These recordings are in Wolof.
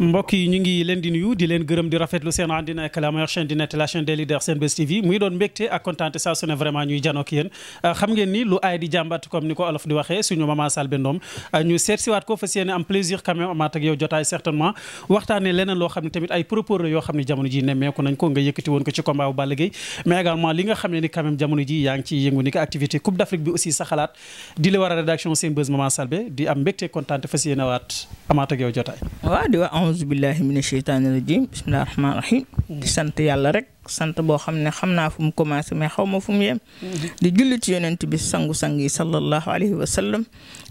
mbokk yi ñu ngi leen di nuyu di leen gërëm di rafetlu seen àndina ak la meilleure chaîne di net la chaîne des leaders Senbuzz TV muy doon mbégte ak kontaante saa su vraiment ñuy janoo ak euh, xam ngeen ni lu aay di jàmbat comme ni ko olof di waxee suñu maman Selbé Ndom euh, ñu seet siwaat ko fas yéene am plaisir quand même yow jotaay certainement waxtaane leneen loo xam ne tamit ay propos la yoo xam ne jamono ji nemmeeku nañ ko nga yëkkati a rédaction Senbuzz maman Selbé ahousubillahi mina sheytaani rajim bisimilah rahmaani rahim di sant yàlla rek sant boo xam ne xam naa fu mu commencé mais xaw ma fu mu yem di julli ci yonent bi sangu-sang yi sallallahu alayhi wa sallam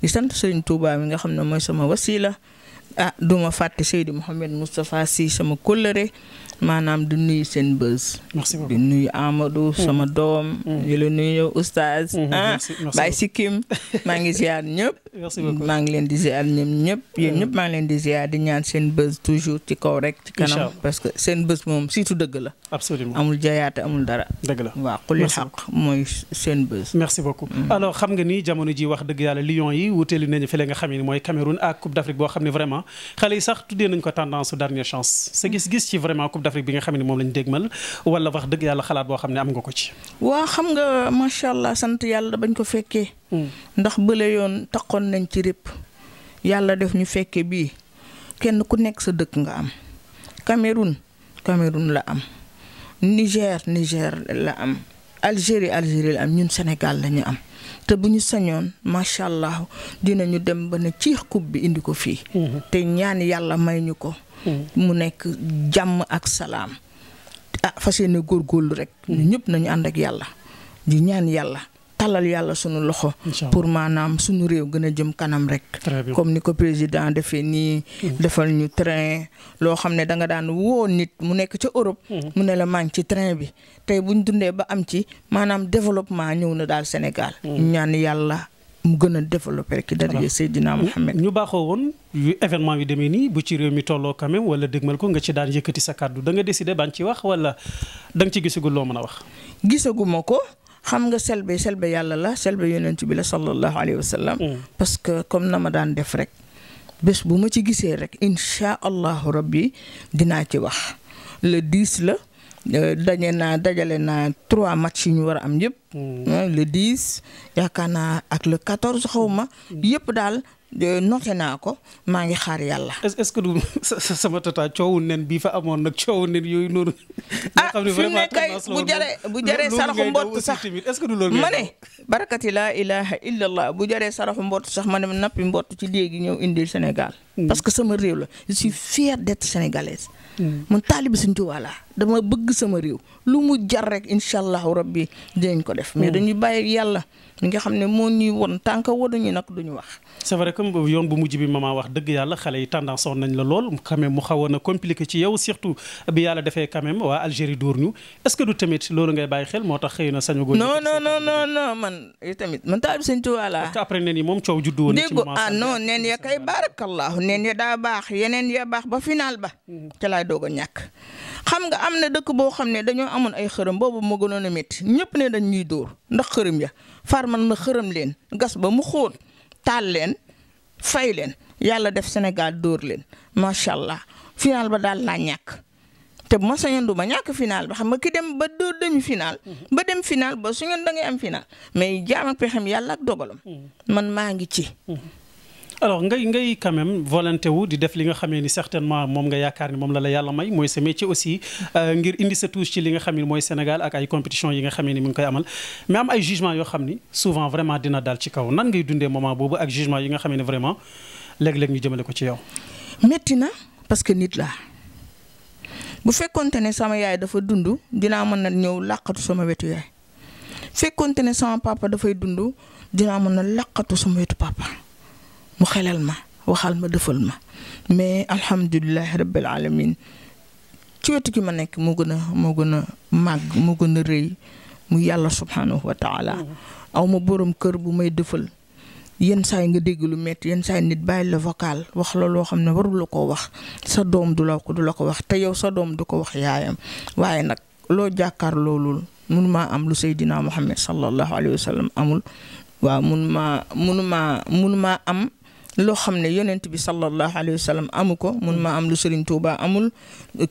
di sant sëriñ Tuubaa mi nga xam ne mooy sama wasila ah duma fàtte Seydi Mouhamed Moustapha Sy sama kóllëre maanaam du nuyu seen bës. merci beaucoup di nuyu Amadou. Mm. sama doom. Mm. di la nuyu oustaz. Mm, ah, merci merci Baye Sikkim maa ngi ziar ñëpp. maa ngi leen di ziar ñoom ñëpp. yéen ñëpp maa ngi leen di ziar di ñaan seen bës toujours ci kaw rek. ci kanam parce que seen bës moom surtout dëgg la. absolument amul jayaate amul dara. dëgg la waaw xuli xaq mooy seen bës. merci beaucoup alors xam nga ni jamono ji wax dëgg yàlla Lions yi wuteelu nañu fële nga xam ne mooy Cameroun ak Coupe d'Afrique boo xam ne vraiment xale sax tuddee nañu ko tendance dernière chance sa Coupe d'Afrique bi nga xam ne moom lañ dégmal wala wax dëgg yàlla xalaat boo xam ne am nga ko ci. waa xam nga macha allah sant yàlla bañ ko fekkee. Hmm. ndax bële yoon taxoon nañ ci rëpp. yàlla def ñu fekke bii kenn ku nekk sa dëkk nga am. Cameroun Cameroun la am. Niger Niger la am. Algérie Algérie la am ñun Sénégal la am. te bu ñu sañoon macha allah ñu dem ba ne ciix coupe bi indi ko fii. Hmm. te ñaan yàlla may ñu ko. mu nekk jàmm ak salaam ah fas yéene góorgóorlu rek mm. ñu ñëpp nañu ànd ak yàlla di ñaan yàlla talal yàlla sunu loxo pour maanaam sunu réew gën a jëm kanam rek comme ni ko président defee nii mm. defal ñu train loo xam ne danga daan woo nit mu nekk ca Europe mm. mu ne la maa ngi ci train bi tey buñ dundee ba am ci maanaam développement ñëw na daal Sénégal ñaan yàlla mu gën a développé rek daraja Seydina Mohamed ñu baaxoo woon yu événement yu demee nii bu ci réew mi tolloo quand même wala mal ko nga ci daan yëkkati sa kàddu danga nga décidé ban ci wax wala da nga ci gisagul loo mën a wax. gisaguma ko xam nga selbe selbe yàlla la selbe yonent bi la sallallahu alayhi wa sallam. Mm. parce que comme na ma daan def rek bés bu ma ci gisee rek incha allahu rabbi dinaa ci wax le 10 la. Euh, daje naa dajale naa trois matchs yi ñu war a am yëpp. Mm. Euh, le dix yaakaar naa ak le quatorze xaw ma mm. yëpp daal. Euh, noté naa ko maa ngi xaar yàlla. es ce que du sama tata coowu nen bii fa amoon nag coowu nen yooyu noonu. ah fi mu ne bu jëree bu jëree saraxu mbott sax est-ce que du loolu ma ne. barakati laa ilaha bu jëree saraxu mbott sax ma ne nappi mbott ci gi ñëw indil Sénégal. Mm. parce que sama réew la je suis fière d'être sénégalaise. man taalibi Sëñ dama bëgg sama réew lu mu jar rek incha allahu rabbi dinañ ko def. mais mm. dañuy bàyyi yàlla mi nga xam ne moo ñuy won tànk wanuñu nag duñu wax. c'est vrai comme yoon bu mujj bi maa wax dëgg yàlla xale yi tendance woon nañ la lool quand mu xawoon a compliqué ci yow surtout bi yàlla defee quand waa Algérie door ñu est que du tamit loolu ngay bàyyi xel moo tax xëy na sañu. góor non non non non man tamit man taal bi sëñ Tuubaa laa. parce que après neen yi moom coow juddu woon. ci moment ah non neen ya kay baarakallahu neen daa baax yeneen ya baax ba final ba. Mm. ca laay a ñàkk xam nga am na dëkk boo xam ne dañoo amoon ay xërëm boobu moo gënoon a métti ñëpp ne dañ ñuy dóor ndax xërëm ya far man ma xërëm leen gas ba mu xóot taal leen fay leen yàlla def Sénégal dóor leen macha allah final ba daal laa ñàkk. te bu ma sañoon du ñàkk finaal ba xam nga ki dem ba dóor demi final. ba dem final ba suñoon da ngay am final mais jaam ak pexem yàlla ak dogalam. Mm-hmm. man maa ngi ci. Mm-hmm. alors ngay ngay quand même volonté wu di def li nga xamee ni certainement moom nga yaakaar ni moom la la yàlla may mooy sa métier aussi euh, ngir indi sa touche ci li nga xam ni mooy Sénégal ak ay compétition yi nga xamee ni mu ngi koy amal mais am ay jugement yoo xam ni souvent vraiment dina daal ci kaw nan ngay dundee moment boobu ak jugement yi nga xamee ni vraiment léeg-léeg ñu jëmale ko ci yow. métti na parce que nit la bu fekkonte ne sama yaay dafa dund dinaa mën a ñëw làqatu sama wetu yaay ne sama papa dafay dund dinaa mën a làqatu sama wetu papa. mu xelal ma waxal ma defal ma mais alhamdulilah rabbil alamin ci wetu ki ma nekk moo gën a moo gën a màgg moo gën a rëy mu yàlla subhanahu wa taala aw ma borom kër bu may defal yenn saa yi nga dégg lu metti yenn saa nit bàyyi la vocal wax la loo xam ne waru la ko wax sa doom du la ko du la ko wax te yow sa doom du ko wax yaayam waaye nag loo jàkkaar loolul mun maa am lu Seydina Muhammad sallallahu alayhi wa sallam amul waaw mun maa mun am loo xam ne yonent bi sallallahu alayhi wa sallam amu ko mun ma am lu Serigne Touba amul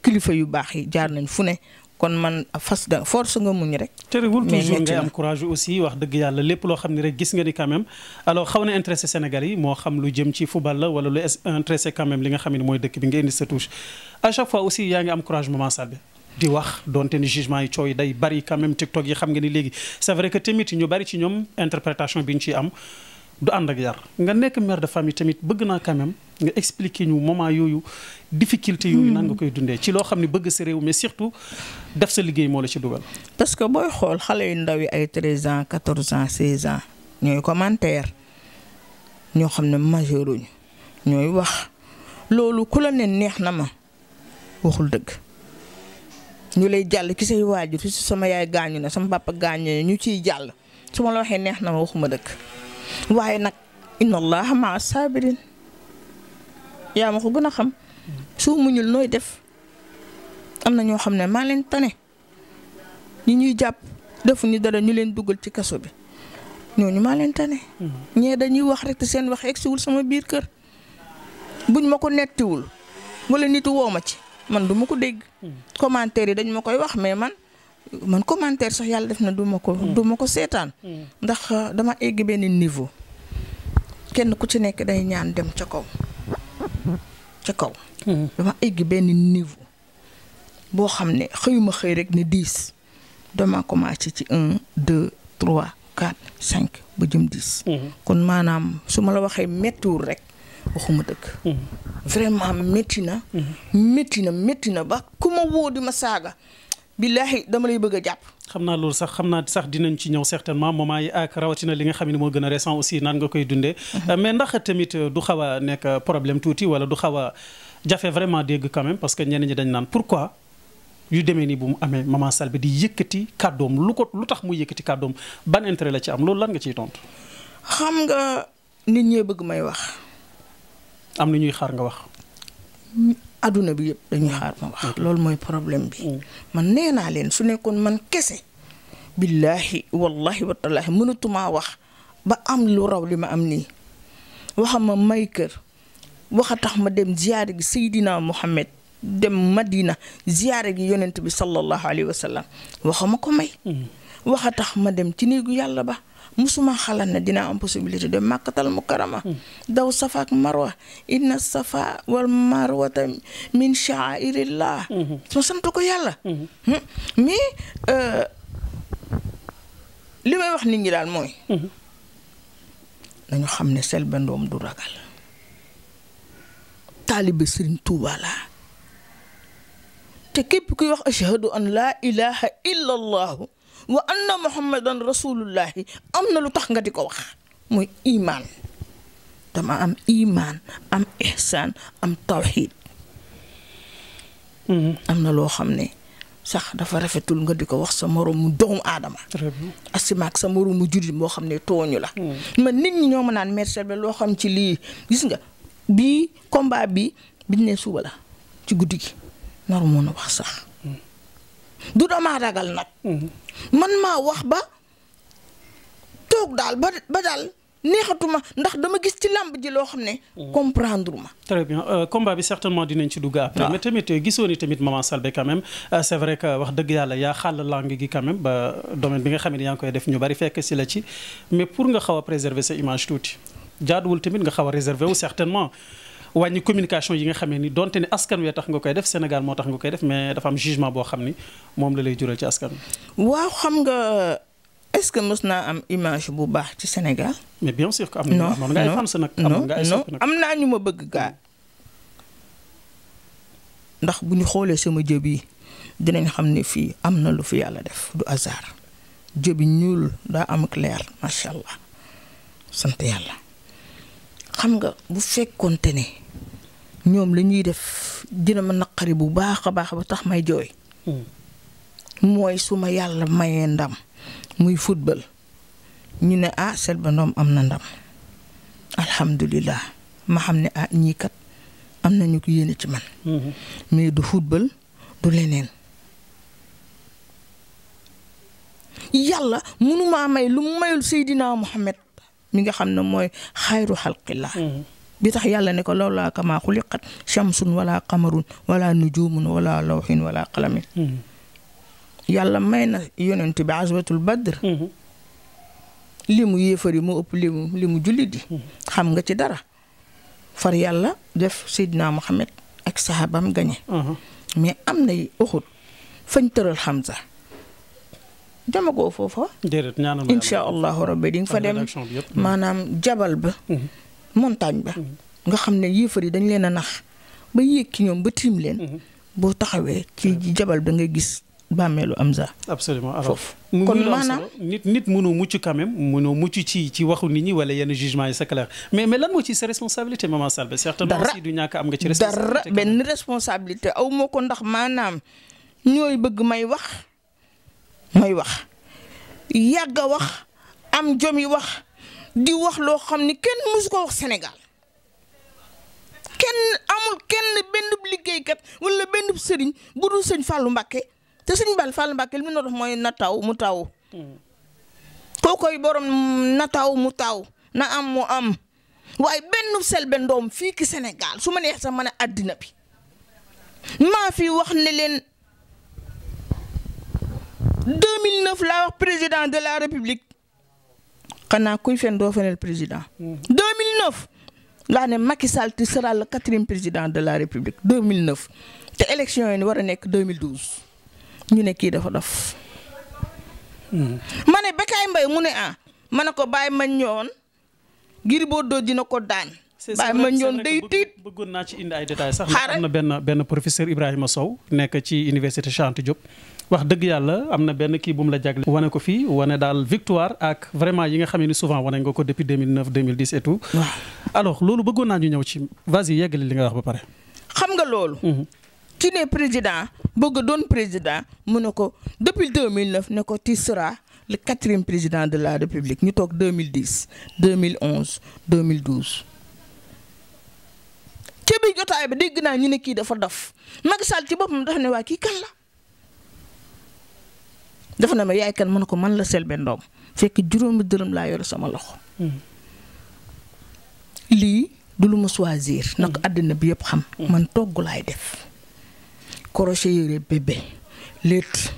kilifa yu baax yi jaar nañ fu ne kon man fas da force nga muñ rek. terewul toujours ngay am courage wax dëgg yàlla lépp loo xam ne rek gis nga ni quand même alors xaw na intéressé Sénégal yi moo xam lu jëm ci football la wala lu intéressé quand li nga xam ne mooy dëkk bi nga indi sa touche à chaque fois aussi yaa ngi am courage Maman Selbé di wax donte ni jugement yi coow yi day bari quand même TikTok yi xam nga ni léegi c'est vrai que tamit ñu bari ci ñoom interprétation bi ñu ciy am. du ànd ak yar nga nekk mère de famille tamit bëgg naa quand même nga expliquer ñu moment yooyu difficulté yooyu nan hmm. koy dundee ci loo xam ne bëgg sa réew mais surtout def sa liggéey moo la ci dugal. parce que booy xool xale yu ndaw yi ay 13 ans 14 ans 16 ans ñooy commentaire ñoo xam ne majeuruñu ñooy wax loolu ku la ne neex na ma waxul dëgg. ñu lay jàll ci say waajur ci sama yaay gaañu na sama papa gaañu na ñu ciy jàll su ma la waxee neex na ma waxuma dëgg. waaye nag inna allaha maa sabirin yaa ma ko gën a xam soo ñul nooy def am na ñoo xam ne maa tane ñi ñuy jàpp ñu dara ñu leen dugal ci kaso bi ñooñu maa leen tane. Mm-hmm. ñee dañuy wax rek seen wax egsiwul sama biir kër buñ ma ko nettiwul wala nit woo ma ci man duma ko dégg. Mm-hmm. commentaire yi dañ ma koy wax mais man man commentaire sax yàlla def na du ma ko. Hmm. du ma ko seetaan. Hmm. ndax euh, dama egg benn niveau. kenn ku ci nekk day ñaan dem ca kaw. ca kaw. Hmm. dama egg benn niveau. boo xam ne xëyuma xëy rek ni dix. dama commencé ci un deux trois quatre cinq ba jëm dix. kon maanaam su ma la waxee méttiwul rek waxuma dëgg. vraiment métti na. métti na métti na ba ku ma woo di ma saaga. billaahi dama lay bëgg a jàpp xam naa loolu sax xam naa sax dinañ ci ñëw certainement moment yi ak rawatina li nga xam ne moo gën a récent aussi naan nga koy dundee mhm. mais ndax tamit euh, du xaw a nekk euh, problème tuuti wala du xaw a jafe vraiment dégg quand même parce que ñeneen ñi dañ naan pourquoi yu deme nii bu mu amee maman Selbé di yëkkati kàddoom lu ko lu tax mu yëkkati kàddoom ban intérêt la ci am loolu lan nga ciy tontu. xam nga nit ñee bëgg may wax. am na ñuy xaar nga wax. adduna bi yëpp dañuy xaar ma wax mm-hmm. loolu mooy problème bi mm-hmm. man nee naa leen su nekkoon man kese billaahi wallahi watallaahi mënatumaa wax ba am lu raw li ma am nii waxa ma may kër wax a tax ma dem ziyaare gi Seydina Muhammad dem Madina ziyaare gi yonent bi sallallahu alayhi wa sallam ma ko may mm-hmm. waxa tax ma dem ci néegu yàlla ba musuma xalaat ne dina am possibilité de màkkatal mu karama hmm. daw safa ak marwa inna safa wal marwata min sha'airillah hmm. ma sant ko yàlla hmm. mais euh, li may wax nit daal mooy nañu xam ne Selbé Ndom du ragal taalibe Sëriñ Tuuba te képp kuy wax ashhadu an laa ilaha illa allahu wa anna muhammadan rasulullahi am na lu tax nga di ko wax mooy imaan dama am imaan am ihsaan am tawxiid mm-hmm. am na loo xam ne sax dafa rafetul nga di ko wax sa moroomu doomu aadama. asimaak sa moroomu jullit moo xam ne tooñu la. Mm. man nit ñi ñoo ma naan Maître Selbé loo xam ci lii gis nga bii combat bi biñ ne suba la ci guddi gi naru moon a wax sax. du damaa ragal nag. Mm-hmm. man maa wax ba toog daal ba ba daal neexatuma ndax dama gis ci làmb ji loo xam ne. Mm-hmm. comprendre ma. très bien euh, combat bi certainement dinañ ci dugg après. Ah. mais tamit euh, gisoo ni tamit ma Selbé quand même euh, c' est vrai que wax dëgg yàlla yaa xàll langue gi quand même ba domaine bi nga xam ne yaa ngi koy def ñu bari fekk si la ci mais pour nga xaw a sa image tuuti jaaduwul tamit nga xaw a réserver wu certainement. wàññi communication yi nga xamee ni donte ne askan wee tax nga koy def Sénégal moo tax nga koy def mais dafa am jugement boo xam ni moom la lay jural ci askan wi. waaw xam nga est-ce que mës naa am image bu baax ci Sénégal. mais bien sûr am na amoon nga ay fans nag. amoon ay soppi am naa ñu ma bëgg gaa. ndax bu ñu xoolee sama jëb yi dinañ xam ne fii am na lu fi yàlla def du hasard jëb yi ñuul daa am ak leer macha allah sant yàlla xam nga bu fekkonte ne ñoom li ñuy def dina ma naqari bu baax a baax ba tax may jooy. Hmm. mooy suma yàlla mayee ndam muy football ñu ne ah Selbé Ndom am na ndam alhamdulilah ma xam ne ah ñii kat am nañu ko yéene ci man. Hmm. mais du football du leneen. yàlla mënumaa may lu mu mayul Seydina Mohamed mi nga xam ne mooy xayru xalqillah. Hmm. bi tax yàlla ne ko loolu laa kamaa xuliqat shamsun wala qamarun wala nujumun wala lawxin wala qalamin hmm. yàlla may na yonent bi aswatul badr hmm. li mu yéefar yi moo ëpp li mu li mu jullit yi hmm. xam nga ci dara far yàlla def Seydina Muhammad ak sahabam gañe mais am na uxut fañ tëral Hamza demagoo foofa insha allahu rabbi di fa dem maanaam jabal ba montagne ba. Mm-hmm. nga xam ne yéefar yi dañ leen a nax ba yéeg ci ñoom ba tiim leen. Mm-hmm. boo taxawee ci mm-hmm. jabal da nga gis bàmmeelu Amza. absolument alors foofu. kon maanaam nit nit mënoo mucc quand mënoo mucc ci ci waxu nit ñi wala yenn jugement yi c'est clair mais mais lan moo ci sa responsabilité maman Selbé. certainement aussi du ñàkk am nga ci. responsabilité dara benn responsabilité aw moo ko ndax maanaam ñooy bëgg may wax may wax yàgg a wax am jom yi wax. di wax loo xam ni kenn mësu ko wax Sénégal kenn amul kenn benn liggéeykat walla benn sëriñ bu dul sëñ Fallou Mbakke te sëñ Bal Fallou Mbakke li mu doon mooy na taw mu taw. kookoy borom na taw mu taw na am mu am waaye benn Selbé Ndom fii ki Sénégal su ma neex sax àddina bi maa fi wax ne laa wax président de la république. xanaa kuy fen doo feneel président. 2009 mm. laa ne Macky Sall tu seras le quatrième président de la République 2009 te élection yi war a nekk 2012 ñu ne kii dafa daf mm. ma ne Bécaye mbay mu ne ah ma ne ko bàyyi mañ ñëwoon ngir boo doo dina ko daañ. bàyyi ma ñoon day tiit bëggoon naa ci indi ay détails sax. xaaral am na benn benn professeur Ibrahima Sow nekk ci université Cheikh Anta wax dëgg yàlla am na benn kii bu mu la jagle wane ko fii wane daal victoire ak vraiment yi nga xam ne souvent wane nga ko depuis 2009 waaw alors loolu bëggoon naa ñu ñëw ci vas-y yeggali li nga wax ba pare. xam nga loolu. ki mhm. ne président bëgg doon président mu ne ko depuis mille 2009 ne ko tu seras le quatrième président de la république ñu toog 2010 2011 2012. ci biir jotaay ba dégg naa ñu ne kii dafa daf Macky Sall ci boppam dafa ne waa kii kan la. dafa na ma yaay kan mën ko man la Selbé Ndom fekk juróomi dërëm laa yor sama loxo. Hmm. lii du lu ma choisir. nag hmm. àddina bi yëpp xam. Hmm. man togg laay def. crochet yére bébé létt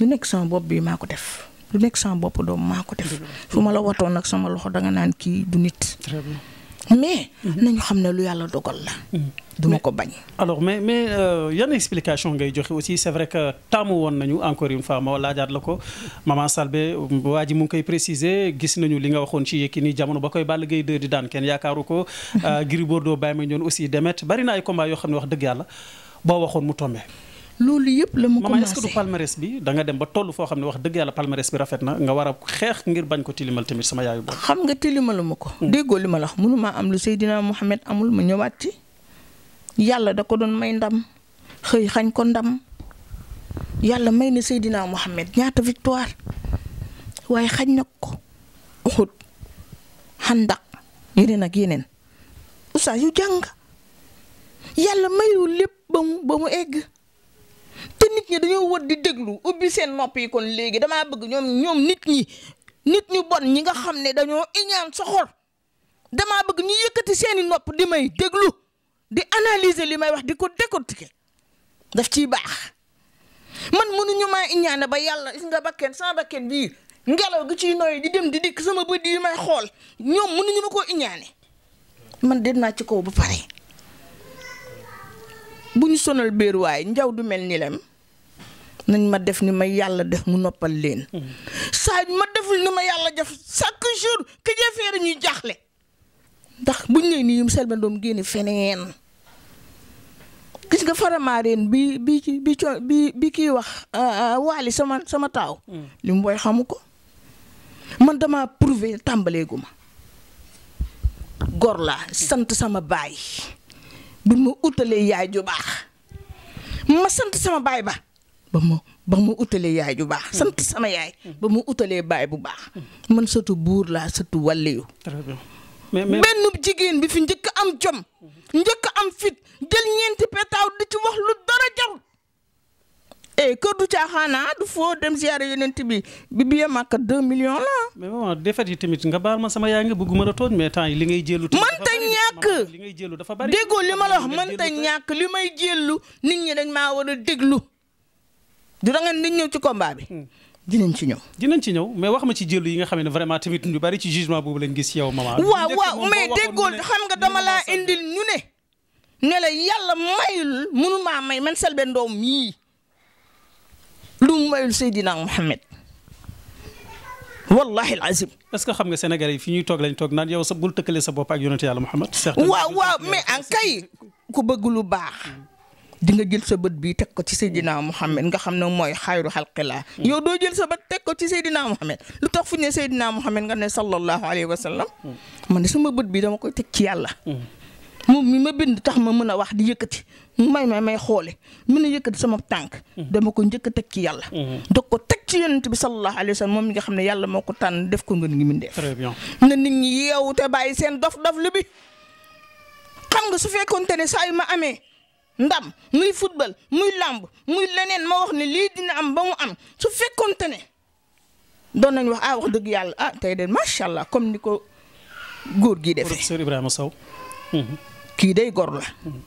lu nekk sama bopp bi maa ko def lu nekk sama bopp doom maa ko def. fu ma la watoon nag sama loxo danga naan kii du nit. mais. nañu xam ne lu yàlla dogal la. Mm-hmm. duma ko bañ. alors mais mais euh, yan explication ngay joxe aussi c'est vrai que taamu woon nañu encore une fois ma laajaat la ko maman Selbé waa ji mu ngi koy préciser gis nañu li nga waxoon ci ni jamono ba koy Balla Gaye 2 di daan kenn yaakaaru ko. Mm-hmm. Euh, Gris Bordeaux bàyyi ma ñoon aussi demet bari na ay combat yoo xam ne wax dëgg yàlla boo waxoon mu tombé. loolu yëpp la mu commencé maman est-ce que bi da dem ba toll foo xam ne wax dëgg yàlla palmarès bi rafet na nga war a xeex ngir bañ ko tilimal tamit sama yaayu boobu. xam nga ma ko. Hmm. déggoo li ma la wax mënumaa am lu Seydina Mohamed amul ma ñëwaat ci yàlla da ko doon may ndam xëy xañ ko ndam yàlla may na Seydina Mohamed ñaata victoire waaye xañ na ko Uhud Xandaq yeneen ak yeneen mayul lépp ba mu ba mu egg. ñi dañoo wër di déglu ubbi seen nopp kon léegi damaa bëgg ñoom ñoom nit ñi nit ñu bon ñi nga xam ne dañoo iñaan soxor damaa bëgg ñu yëkkati seeni nopp di may déglu di analyser li may wax di ko décortiquer daf ciy baax man mënuñu maa iñaane ba yàlla gis nga bakken sama bakken bii ngelaw gi ciy nooy di dem di dikk sama bët yi may xool ñoom mënuñu ma koo iñaane man dem naa ci kaw ba pare bu ñu sonal béeruwaay njaw du mel ni leen nañ ma def ni ma yàlla def mu noppal leen hmm. saa ma deful ni ma yàlla def chaque jour que jafeere ñuy jaaxle ndax buñ ne nii yum Selbé Ndom génne feneen gis nga faramaareen bi bi bi bi bi kii wax ah, ah, waali sama sama taaw hmm. li mu booy xamu ko man dama prouvé tàmbaleegu ma gor laa sant sama baay bi ma utalee yaay ju baax ma sant sama baay ba ba ma ba ma utalee yaay bu baax sant sama yaay ba mu utalee baay bu baax man sëtu buur laa sëtu wàlliyu benn jigéen bi fi njëkk am jom njëkk am fit jël ñeenti petaaw di ci wax lu dara jarul eh kër du caaxaanaa ah, du foo dem ziyaare yonent bi bi bi màkk deux millions la mais maman nga baal ma sama yaay nga bëgguma la tooñ mais temps yi li ngay jëlu mënta ñàkk déggoo li ma la wax mënta ñàkk li may jëlu nit ñi da maa war a déglu du da ngeen di ñëw ci combat bi. Hmm. dinañ ci ñëw. dinañ ci ñëw mais wax ma ci jël yi nga xam ne vraiment tamit ñu bari ci jugement boobu lañ gis yow maman. waaw waaw mais déggool xam nga dama laa indil ñu ne. ne la yàlla mayul munu maa may man Selbé Ndom mii lu mu mayul Seydina Mohamed wallahi alazim. que xam nga Sénégalais yi fi ñuy toog lañ toog naan yow sa bul tëkkale sa bopp ak yonent yàlla Mohamed. waaw waaw mais en kay ku bëgg lu baax. di nga jël sa bët bii teg ko ci Seydina Mohamed nga xam ne mooy xayru xalqilaa mm. yow doo jël sa bët teg ko ci Seydina Mohamed lu tax fu ne Seydina Mohamed nga ne sallallahu alayhi wa sallam mm. man ne sama bët bii dama koy teg ci yàlla mm. moom mi ma bind tax ma mën a wax di yëkkati may may may xoole mën a yëkkati sama tànk dama ko njëkk a teg ci yàlla dog ko teg ci yonent bi sallallahu alayhi wa sallam moom mi nga xam ne yàlla moo ko tànn def ko nga ngi mun def na nit ñi yeewu te bàyyi seen dof dof lu bi xam nga su fekkoonte ne saa ma amee ndam muy football muy làmb muy leneen ma wax ne lii dina am ba mu am su fekkonte ne doon nañ wax ah wax dëgg yàlla ah tey de macha allah comme ni ko góor gi de professeur Ibrahima Sow kii day gor la mm-hmm.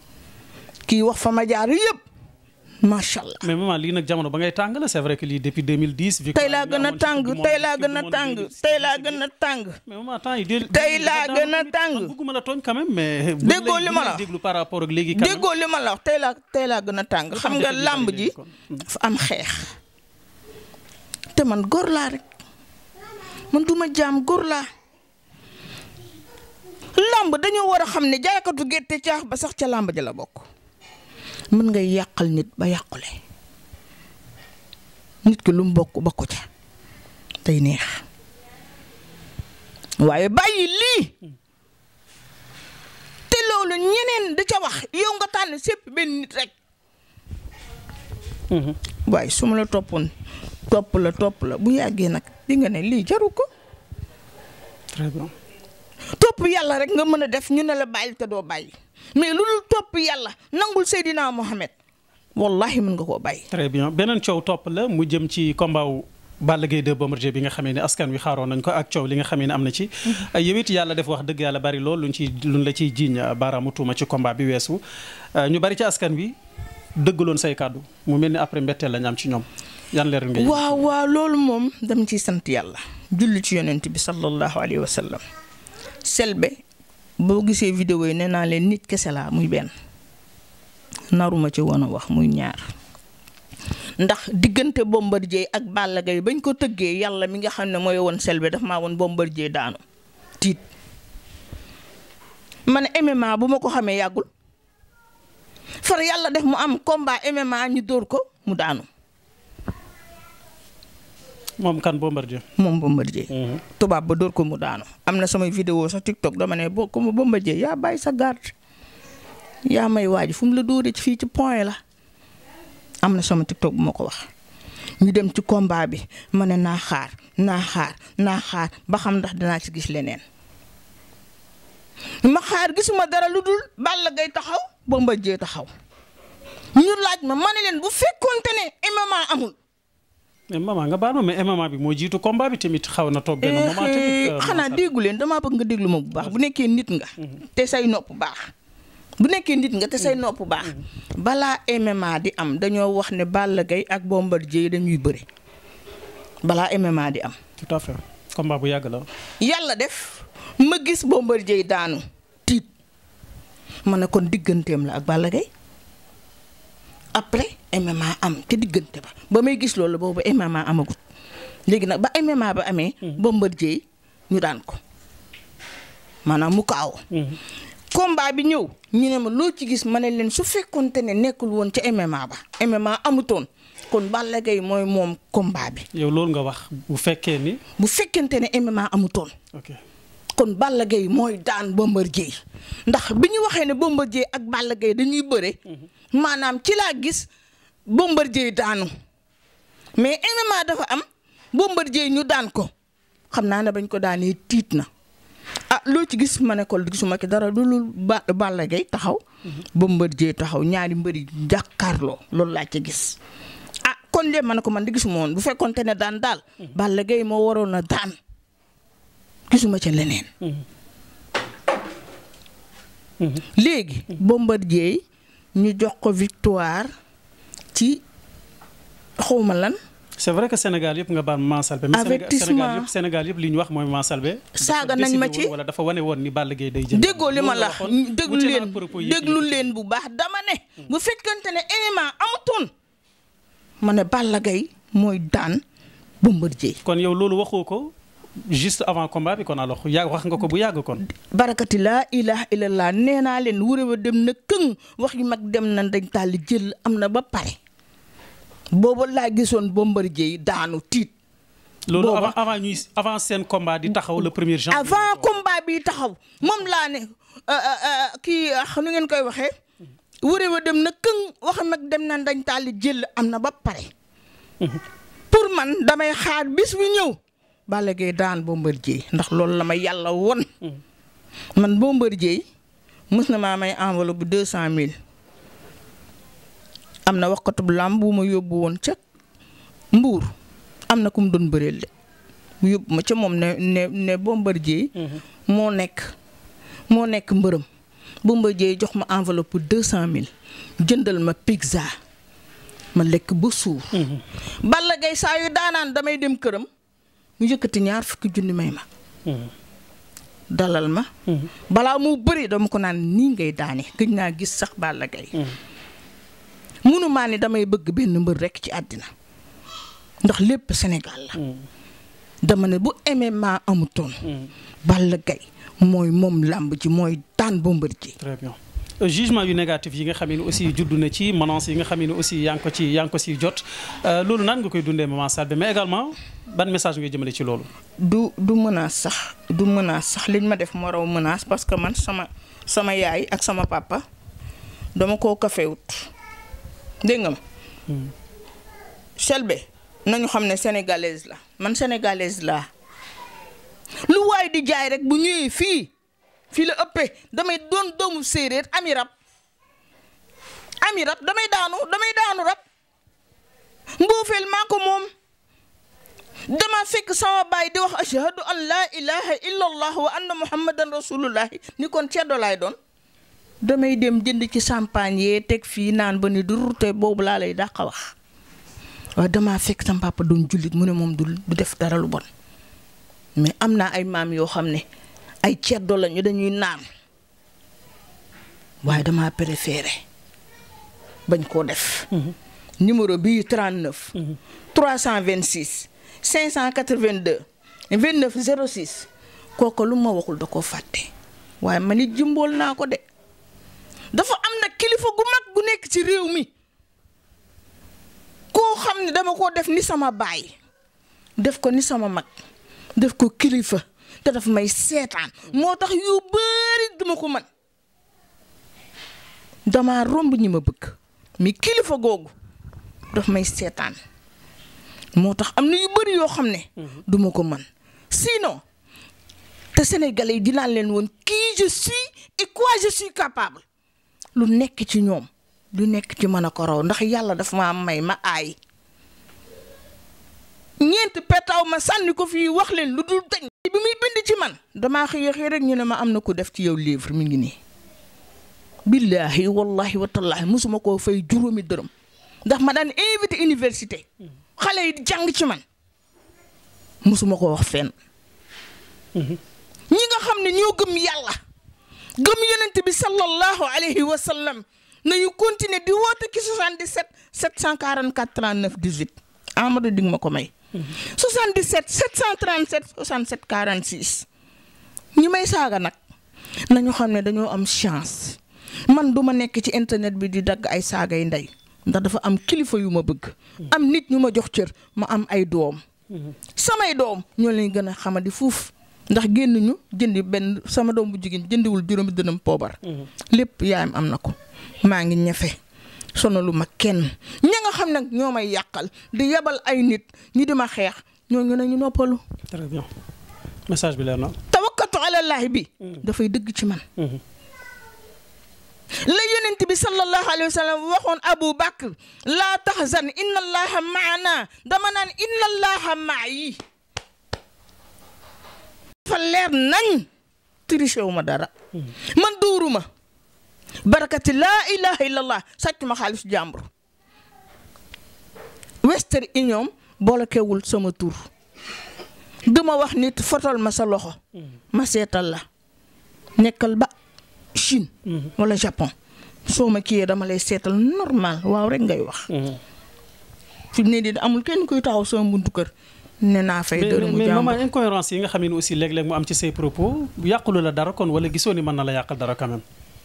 kii wax fa ma jaar yëpp macha allah mais maman lii nag jamono ba ngay tàng la c'est vrai que lii depuis 2010. tey laa gën a tàng tey laa gën a tàng tey laa gën a tàng. mais maman temps laa gën a tàng man bëgguma la tooñ quand même mais. déggoo ma la par rapport ak léegi. déggoo la wax tey laa gën a tàng xam nga làmb ji hmm. dafa am xeex. te man góor laa rek man duma jaam góor laa. làmb dañoo war a xam ne jaaykatu gerte caax ba sax ca làmb ji la bokk. mën ngay yàqal nit ba yàqule nit ki lu mu bokk ko ca tey neex waaye bàyyi lii te loolu ñeneen da ca wax yow nga tànn sépp benn nit rek mm-hmm. waaye su ma la toppoon topp la topp la bu yàggee nag di nga ne lii jaru ko très topp yàlla rek nga mën a def ñu ne la bàyyil te doo bàyyi mais lu dul topp yàlla nangul Seydina Mohamed wallahi mën nga koo bàyyi. très bien beneen coow topp la mu jëm ci combat wu Balla Gaye 2 Bombardier bi nga xamee ne askan wi xaaroon nañ ko ak coow li nga xamee ne am na ci. Mhm. yow yàlla def wax dëgg yàlla bari lool luñ ci la ciy jiiñ euh, baaraamu tuuma ci combat bi weesu euh, ñu bari ci askan wi dëggaloon say kàddu mu mel ni après mbetteel la ñaam ci ñoom. yan leer nga loolu moom dama ciy sant yàlla. julli ci yonent bi sallallahu alayhi wa sallam selbe boo gisee vidéo yi nee naa leen nit kese laa muy benn naruma ci woon a wax muy ñaar ndax diggante Bombardier ak Balla Gaye bañ ko tëggee yàlla mi nga xam ne mooy woon selbe daf ma woon Bombardier daanu tiit man MMA bu ma ko xamee yàggul far yàlla def mu am combat MMA ñu dóor ko mu daanu moom kan Bombardier. moom Bombardier. Mhm. tubaab ba dóor ko mu daanu. am na samay vidéo sax TikTok dama ne boo ko mu Bombardier yaa bàyyi sa garde yaa may waaj fum la doore ci fii ci point la am na sama TikTok bu ma ko wax. ñu dem ci komba bi ma ne naa xaar naa xaar naa xaar ba xam ndax dinaa ci gis leneen ma xaar gisuma dara lu dul Balla Gaye taxaw Bombardier taxaw ñu laaj ma ma ne leen bu fekkoonte ne MMA amul. Eh, MMA nga baal ma mais eh, MMA bi moo jiitu combat bi tamit xaw na toog benn eh, euh, xanaa déggu leen damaa bëgg nga déglu ma bu baax bu nekkee nit nga. Mhm. te say nopp baax. bu nekkee nit nga te say mhm. nopp baax. Mhm. balaa MMA di am dañoo wax ne Balla Gaye ak Bombardier dañuy bëre balaa MMA di am. komba bu yàgg la. yàlla def ma gis Bombardier daanu tiit ma ne kon digganteem la ak Balla Gaye après MMA am te diggante ba ba may gis loolu boobu MMA amagut léegi nag ba MMA ba amee. Hmm. Bombardier ñu daan ko maanaam mu kaaw. Hmm. combat bi ñëw ñu ne ma loo ci gis ma ne leen su fekkoonte ne nekkul woon ca MMA ba MMA amutoon kon Balla Gaye mooy moom combat bi. loolu nga wax bu fekkee ni. bu fekkente ne MMA amutoon. Balla Gaye mooy daan Bombardier ndax bi ñu waxee ne Bombardier ak Balla Gaye dañuy bëre. Hmm. maanaam ci laa gis Bombardier daanu mais MMA dafa am Bombardier ñu daan ko xam naa ne bañ ko daanee tiit na ah loo ci gis ma ne ko gisuma ki dara lu lu ba Balla Gaye taxaw mhm. Bombardier taxaw ñaari mbëri jàkkaarloo loolu laa ci gis ah kon de ma ne ko man di gisuma woon bu fekkonte ne daan daal mhm. Balla gay moo waroon a daan gisuma ci leneen mhm. léegi Bombardier ñu jox ko victoire ci xawma lan. c'est vrai que Sénégal yëpp nga baal ma Salbé. avertissement mais Sénégal yëpp li ñu wax mooy ma Salbé. saaga nañ ma ci wala dafa wane woon ni Balla Gaye day jël. déggoo li ma la déglu leen déglu leen bu baax dama ne. Hmm. bu fekkante ne élément amutoon ma ne Balla Gaye mooy daan Bombardier. kon yow loolu waxoo ko. juste avant combat bi kon alors yàgg wax nga ko bu yàgg kon. barakati laa ilaha illallah nee naa leen wurewa dem na këng wax yu mag dem na dañ tàlli jël am na ba pare booba laa gisoon Bombardier daanu tiit. loolu avant seen combat di taxaw le premier janvier. avant combat bi taxaw moom laa ne euh, euh, euh, kii ah, nu ngeen koy waxee. wurewa dem na wax yu dem na dañ tàlli jël am na ba mhm. man damay xaar bis wi ñëw. Balla Gaye daan Bombardier ndax loolu la ma yàlla won man Bombardier mës na maa may enveloppe bu deux cent mille am na wax waxkatub làmb bu ma yóbbu woon ca Mbuur am na ku mu doon bëreel de yóbbu ma ca moom ne ne ne Bombardier moo nekk moo nekk mbërëm Bombardier jox ma enveloppe bu deux cent mille jëndal ma pizza ma lekk ba suur mhm. Balla saa yu daanaan damay dem këram mu yëkkati ñaar fukki junni may ma. Hmm. dalal ma. Hmm. balaa mu bëri dama ko naan nii ngay daane gëj naa gis sax Balla Gaye. Hmm. munumaa ni damay bëgg benn mbër rekk ci àddina ndax lépp Sénégal la. dama ne bu MMA amutoon. Balla Gaye mooy moom làmb ji mooy daan Bombardier ji. jugement yu négatif yi nga xam aussi juddu na ci menaces yi nga xam aussi yaa ci yaa ngi jot euh, loolu naan nga koy dundee maman Selbé mais également ban message ngay jëmale ci loolu. du du menace sax du menace sax liñ ma def moo raw menace parce que man sama sama yaay ak sama papa dama koo kafewut dégg nga ma. Hmm. Selbé nañu xam ne sénégales la man sénégales la lu waay di jaay rek bu ñëwee fii. fii la ëppee damay doon doomu séeréer ami rab ami rab damay daanu damay daanu rab mbuufeel maa ko moom dama fekk sama baay di wax ashhadu an laa ilaha illa allah wa anna damay dem jënd ci champagne yee teg fii naan ba ni durute boobu laa lay dàq wax waaye damaa fekk sama papa doon jullit mu ne moom du du def dara lu bon mais am naa ay maam yoo xam ne ay ceddo lañu dañuy naan waaye dama préféré bañ koo def. Mm-hmm. numéro bii 39. 326 582 29 06 kooku lu ma waxul da koo fàtte waaye man it jumbool naa ko de dafa am nag kilifa gu mag gu nekk ci réew mi koo xam ne dama koo def ni sama baay def ko ni sama mag def ko kilifa. te dafa may seetaan moo tax yu bari duma ko mën dama romb ñi ma bëgg mi kilifa googu daf may seetaan moo tax am na yu bari yoo xam ne mhm. duma ko mën sinon te sénégalais yi dinaa leen woon qui je suis et je suis capable lu nekk ci ñoom lu nekk ci mën a ko raw ndax yàlla dafa ma may ma aay ñeent petaaw ma sànni ko fi wax leen lu dul dañ bi muy bind ci man damaa xëy xëy rek ñu ne ma am na ko def ci yow livre mi ngi nii billaahi wallaahi watallaahi mosuma koo fay juróomi dërëm ndax ma daan invité université xale yi jàng ci man mosuma ko wax fenn ñi nga xam ne ñoo gëm yàlla gëm yonent bi sallallahu alayhi wa sallam nañu continuer di woote ci 77 744 39 18 Amadou dig ma ko may 77 737 67 46 ñi may saaga nag nañu xam ne dañoo am chance man duma nekk ci internet bi di dagg ay saagay ndey ndax dafa am kilifa yu ma bëgg. am nit ñu ma jox cër ma am ay doom. samay doom ñoo leen gën a xamadi fuuf ndax génn ñu jëndi benn sama doom bu jigéen jëndiwul juróomi dënam poobar. Mhm. lépp yaayam am na ko maa ngi ñafe. lu sonaluma kenn ña nga xam nag ñoo may yàqal di yebal ay nit ñi di ma xeex ñooñu nañu noppalu. très bien message bi leer na. tawakkatu alallahi bi. Mm. dafay dëgg ci man. Mm-hmm. la yonent bi sallallahu alayhi wa sallam waxoon Abu Bakr laa tahzan inna allaha maana dama naan inna allaha maayi. dafa leer nañ. triché wu ma dara. Mm-hmm. man duuru barakati laa ilaha illallah sàccuma xaalis jàmbur Western Union boolekewul sama tur duma wax nit fotol ma sa loxo ma seetal la nekkal ba Chine wala Japon soo ma kiyee dama lay seetal normal waaw rek ngay wax fi ne di amul kenn kuy taxaw sama buntu kër ne naa fay dërëmu mais yi nga xam ne aussi léeg-léeg mu am ci say propos yàqulu la dara kon wala gisoo ni mën na la yàqal dara quand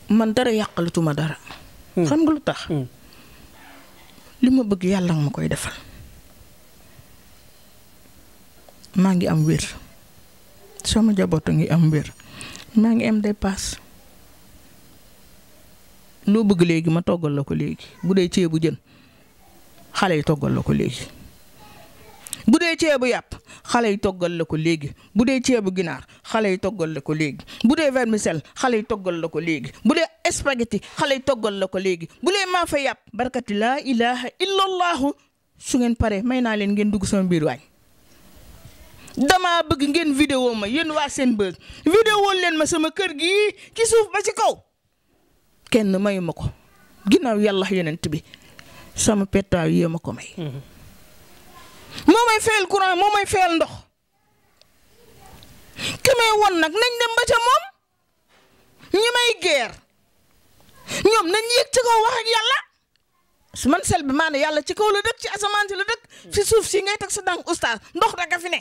man dara yàqalatuma dara. Hmm. xam nga lu tax. Hmm. li ma bëgg yàlla ma koy defal. maa ngi am wér. sama jaboot a ngi am wér. maa ngi am dépasse. loo bëgg léegi ma toggal la ko léegi bu dee ceebu jën xale yi toggal la ko léegi. bu dee ceebu yàpp xale yi toggal la ko léegi bu dee ceebu ginaar xale yi toggal la ko léegi bu dee vermicelle xale yi toggal la ko léegi bu dee spaghetti xale yi toggal la ko léegi bu dee maafe yàpp barkati la ilaha illallahu su ngeen pare may naa leen ngeen dugg sama biir waañ dama bëgg ngeen vidéo ma yéen waa seen bëgg vidéo leen ma sama kër gi ci suuf ba ci kaw kenn mayu ma ko ginnaaw yàlla yonent bi sama pettaaw yee ma ko may mm-hmm. moo may fayal courant moo may fayal ndox ki may won nag nañ dem ba ca moom ñi may geer ñoom nañ yéeg ci kaw wax ak yàlla su man sel bi maa yàlla ci kaw la dëkk ci asamaan si la dëkk fi suuf si ngay teg sa dànk ndox da ka ne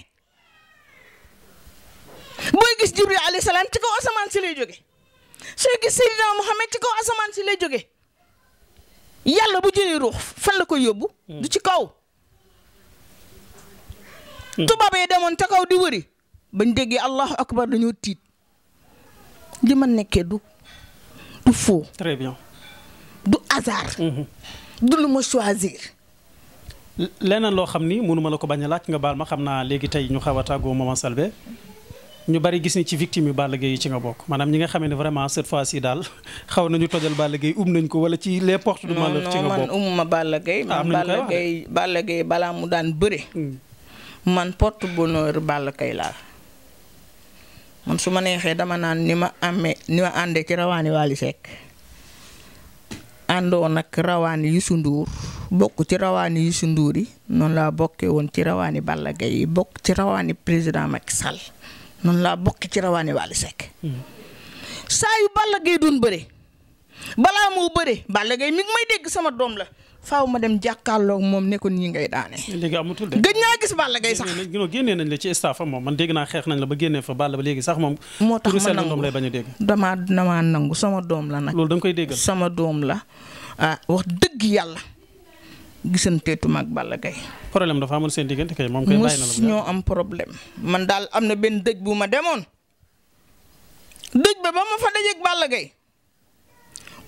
booy gis jibril alayhi salaam ci si lay jóge sooy gis seydina Muhammad ci kaw asamaan si lay jóge yàlla bu jëlee ruux fan la koy yóbbu hmm. du ci kaw Hmm. tubaab yi demoon te kaw di wëri bañ déggee allahu akbar dañoo tiit li ma nekkee du du faux. très bien. du hasard. Hmm. du lu ma choisir. leneen loo xam ni mënu ma la ko bañ a laaj nga baal ma xam naa léegi tey ñu xaw a tàggoo maman Selbé ñu bari gis ni ci victime yu Balla Gaye yi ci nga bokk maanaam ñi nga xamee ne vraiment cette fois ci daal xaw nañu tojal Balla Gaye ub um nañ ko wala ci les portes du malheur. ci nga bokk non non man umuma Balla ah, ah, Gaye. Balla Gaye balaa mu daan bëre. Hmm. man porte bonheur Balla Gaye laa man su ma neexee dama naan ni ma amee ni ma àndee ci rawaani Wally àndoon ak rawaani Youssou Ndour bokk ci rawaani Youssou Ndour yi noonu laa bokkee woon ci rawaani Balla Gaye yi bokk ci rawaani président Macky sal noonu laa bokk ci rawaani Wally Seck hmm. saa yu doon bëre balaa moo bëre Balla Gaye mi may dégg sama doom la faaw ma dem jàkkaarloog moom nekkoon ñi ngay daane. léegi amatul de. gëj naa gis Balla Gaye sax génnee nañ la ci staff moom man dégg naa xeex nañ la ba génnee fa Balla ba léegi moom. moo tax ma nangu lay bañ a dégg. damaa damaa nangu sama doom la nag. loolu da koy déggal sama doom la ah wax dëgg yàlla gisanteetuma ak Balla Gaye. problème dafa amoon seen diggante kay moom kay bàyyi na la ñoo am problème man daal am na benn dëj bu ma demoon dëj ba ba ma fa dajeeg Balla Gaye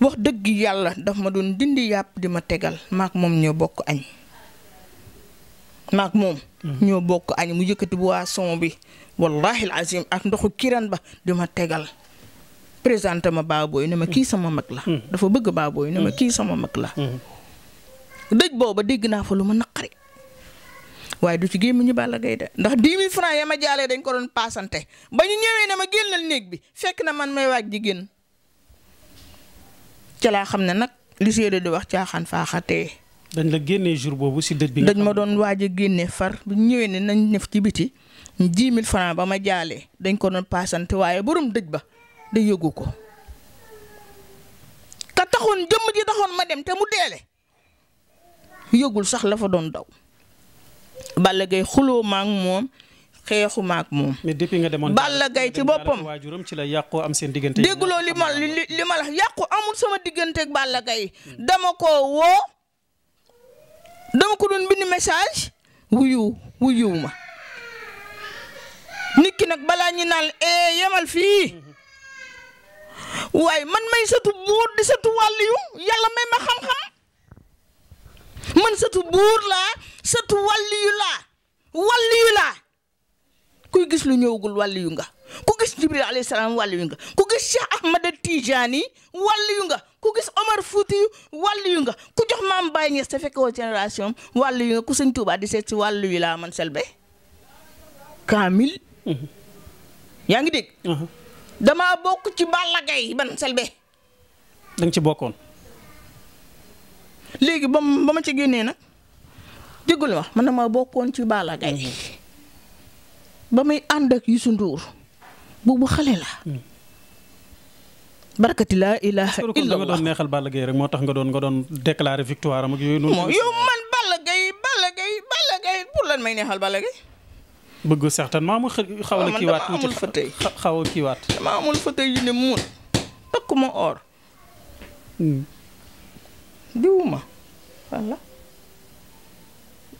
wax dëgg yàlla daf ma doon dindi yàpp di ma tegal maak moom ñoo bokk añ maak moom mm-hmm. ñoo bokk añ mu yëkkati boisson bi wallahi azim ak ndoxu kiran ba di ma tegal présenté ma baabooy ne ma kii sama mag la mm-hmm. dafa bëgg baabooy ne ma mm-hmm. kii sama mag la dëj booba dégg naa fa lu ma naqari waaye du ci gémmi ñu Balla gay de ndax dix mille ya ma jaalee dañ ko doon paasante ba ñu ñëwee ne ma génnal néeg bi fekk na man may waaj jigéen ca laa xam ne nag li séeréer di wax caaxaan faaxatee. dañ la génne jour boobu si dëj bi. dañ ma doon waaj a génne far bu ñëwee ne nañ def ci biti dix mille francs ba ma jaalee dañ ko doon paasante waaye borom dëj ba da yëgu ko. te taxoon jëmm ji taxoon ma dem te mu deele yëgul sax la fa doon daw. Balla Gaye xuloo ma ak moom. xeexuma ak moom. mais depuis nga demoon Balla Gaye ci boppam ci la yàqu am seen diggante. dégguloo li ma li ma la yàqu amul sama digganteek ak Balla Gaye dama ko woo dama ko doon bind message wuyu wuyuwu ma nit ki nag balaa ñu naan eh yemal fii. waaye man may sëtu buur di sëtu wàllu yu yàlla may ma xam-xam man sëtu buur laa sëtu wàllu yu laa wàllu yu laa kuy gis lu ñëwagul wàllu yu nga ku gis jibril alayhi salaam wàllu yu nga ku gis cheikh ahmada tijaani wàllu yu nga ku gis omar fuuti wàllu yu nga ku jox maam Baye Niass te fekkoo nga ku sëñ Tuubaa di seet si wàllu yu laa man Selbé kaamil mm-hmm. yaa ngi dégg mm-hmm. damaa bokk ci Balla Gaye ban Selbé danga ci bokkoon léegi ba ma ci génnee nag déggul ma man damaa bokkoon ci Balla Gaye mm-hmm. ba muy ànd ak Youssou Ndour boobu xale la. Hmm. barkati laa ilaaha illa Allah doon neexal Balla Gaye rek moo tax nga doon nga doon déclarer victoire am ak yooyu. man Balla Gaye Balla Gaye Balla Gaye pour lan may neexal Balla Gaye. bëgg certainement mu ah, xaw a xaw a kiiwaat. damaa amul fa tey yu ne mun takkuma or. Hmm. diwuma walla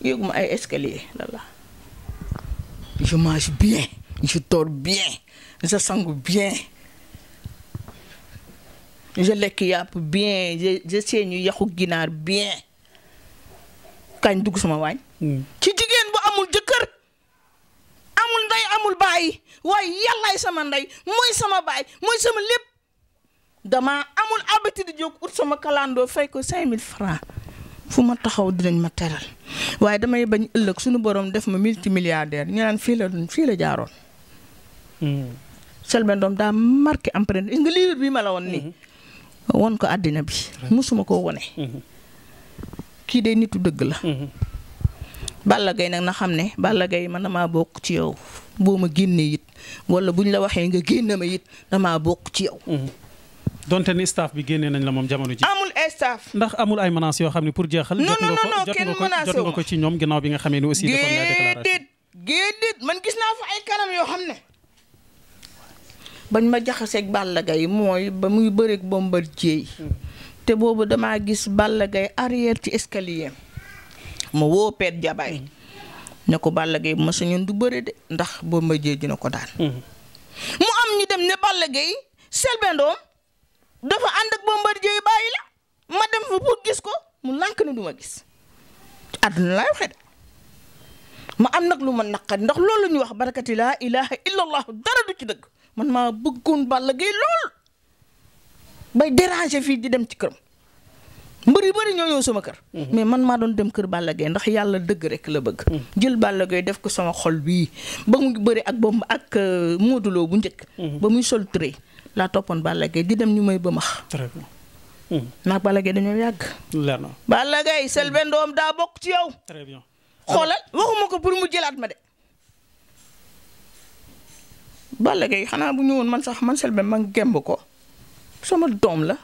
yéeguma ay escalier lalla je mange bien je dors bien je sangu bien je lekk yàpp bien je je seeñu yaxu ginaar bien kañ dugg sama waañ hmm. ci jigéen bu amul jëkkër amul ndey amul baay waaye yàllaay sama ndey mooy sama baay mooy sama lépp dama amul habitude di jóg ut sama kalandoo fay ko cinq mille francs fu ma taxaw dinañ ma teral waaye damay bañ ëllëg suñu borom def ma multimilliardaire ñu naan fii la fii la jaaroon. Hmm. Selbé Ndom daa marqué empreinte nga livre bi ma la woon nii. Hmm. won ko àddina bi. musuma koo wone hmm. kii de nitu dëgg la. Balla Gaye nag na xam ne Balla Gaye man damaa bokk ci yow boo ma génnee it wala buñ la waxee nga génne ma it damaa bokk ci yow. donte ni staff bi génnee nañ la moom jamono ji amul staff. ndax amul ay menaces yoo xam ne pour jeexal. non kenn menacé jot nga bi nga xamee ni aussi. man gis naa fa ay kanam yoo xam ne. bañ ma mooy ba muy bëreeg Bombardier te boobu damaa gis Balla Gaye arrière ci escalier ma woo Pet Jabaay ne ko Balla Gaye bu ma du bëre de ndax Bombardier dina ko daan. Mhm. mu am ñu dem ne Balla Gaye Selbé Ndom dafa ànd ak Bombardier yi bàyyi la ma dem fa pour gis ko mu lànk ne du ma gis àdduna laay waxee de ma am nag lu ma naqari ndax loolu la ñuy wax barakati laa ilaha illallah dara du ci dëgg man maa bëggoon Balla Gaye lool bay déranger fii di dem ci këram mbër yu bëri ñoo ñëw sama kër. Mhm. mais man maa doon dem kër Balla Gaye ndax yàlla dëgg rekk la bëgg. Mhm. jël Balla Gaye def ko sama xol bii ba mu bëri ak bomb ak euh, Modou Lo bu njëkk. Mhm. ba muy sol turé. laa toppoon Balla di dem ñu may bëmax. très bien. ndax hmm. Balla Gaye dañoo yàgg. leer na Balla daa bokk ci yow. très bien waxuma ko pour mu jëlaat ma de. Balla xanaa bu ñëwoon man sax man selbe ma ngemb ko sama doom la.